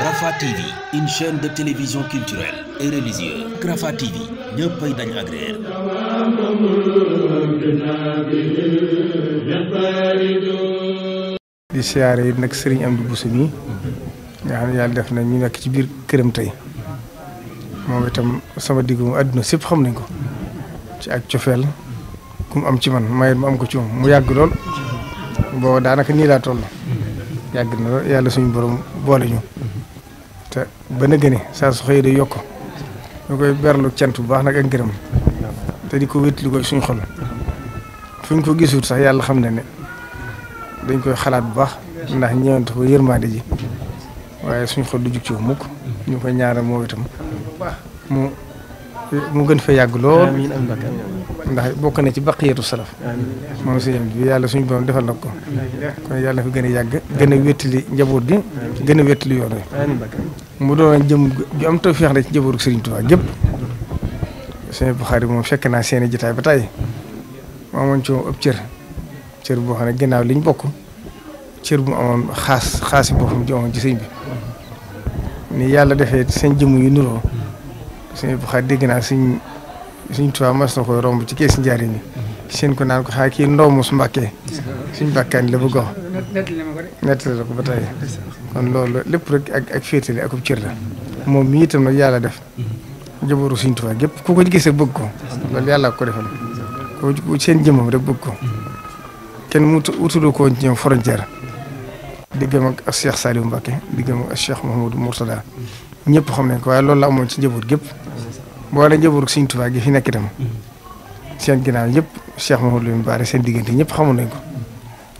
Rafah de télévision culturelle et religieuse Rafah TV ñëppay di siyaare yi nag Serigne Amdi Bousso mi nga xam ne yàlla def na ñu nekk ci biir këram tey moom itam sama digg àdduna sépp xam nañ ko ci ak cofeel ku mu am ci man mayet mu am ko ci mu yàgg lool booba daanaka nii laa toll yàgg na yàlla suñu borom boole ñu te ba na gëne saa su xëy day yokk ñu koy berlu cant bu baax nag ak ngërëm te di ko wétlu ko suñ xol fu ñu ko gisut sax yàlla xam ne ne dañ koy xalaat bu baax ndax ñëwante ko yërmaande ji waaye suñu xol du jug ci mukk ñu koy ñaara moo itam mu mu gën fa yàgg lool ndax bokk na ci baqiyatu salaf moom si bi yàlla suñu borom defal na ko yàlla na gën yàgg gën a wéttali njaboot gi gën a wéttali yoon wi mu doon jëm ju am ci njabootu Sëriñ Tuubaa gépp suñu Buxaari moom fekk naa seen i ba tey moo amoon ne ginnaaw liñ bokk bu mu amoon xaas xaasi ni yàlla defee seen jëmm yu nuroo su xaar dégg naa suñ suñ tubaab mas na koy romb ci kees njaariñ yi mhm. seen ko naan ko xaa kii ndoomus mbàkkee mhm. suñ bàkkaan la bëgg a wax ko ba tey kon loolu lépp rek ak ak féetale akub moom mi nag yàlla def mhm. jabaru suñ tubaab gépp ku ko gisee bëgg ko loolu yàlla ko defal ko seen jëmmam rek bëgg ko kenn mu utulu ko ci ñoom frontière diggam ak ak Cheikh Saliou Mbacke diggam ak Cheikh Mouhamadou Mourtada ñëpp xam nañ ko waaye loolu la amoon ci njaboot gépp boole njaboot Sëriñ Tuubaa gi fi nekk itam seen ginnaaw ñëpp Cheikh Mouhamadou Lamine Bara seen diggante ñëpp xamoon nañ ko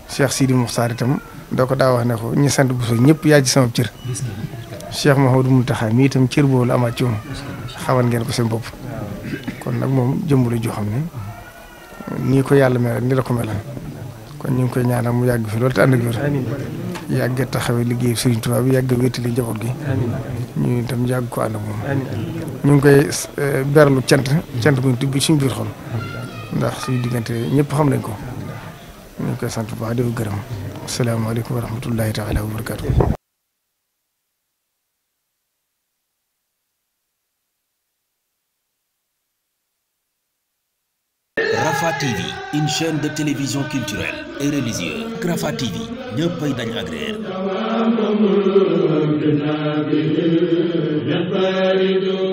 seex Cheikh Sidi Moukhtar tam doo ko daa wax ne ko ñu sant bu so ñëpp yaa ci sama cër Cheikh Mouhamadou Mountakha mi itam cër la amaat ci moom xamal ngeen ko seen bopp kon nag moom jëmbul joo xam ne nii ko yàlla melal ni la ko melal kon ñu ngi koy ñaanal mu yàgg fi loolu te ànd ak yàgg taxawee liggéey si Tuubaa bi yàgg wéttali njaboot gi ñu itam yàgg ko ànd moom ñu ngi koy euh, beralu cant cant bu ñu tibb suñu biir xol ndax suñu diggante ñëpp xam nañ ko ñu ngi koy sant bu baax di gërëm asalaamaaleykum wa rahmatullahi taala wa barakaatu Rafah بنا به ينفرد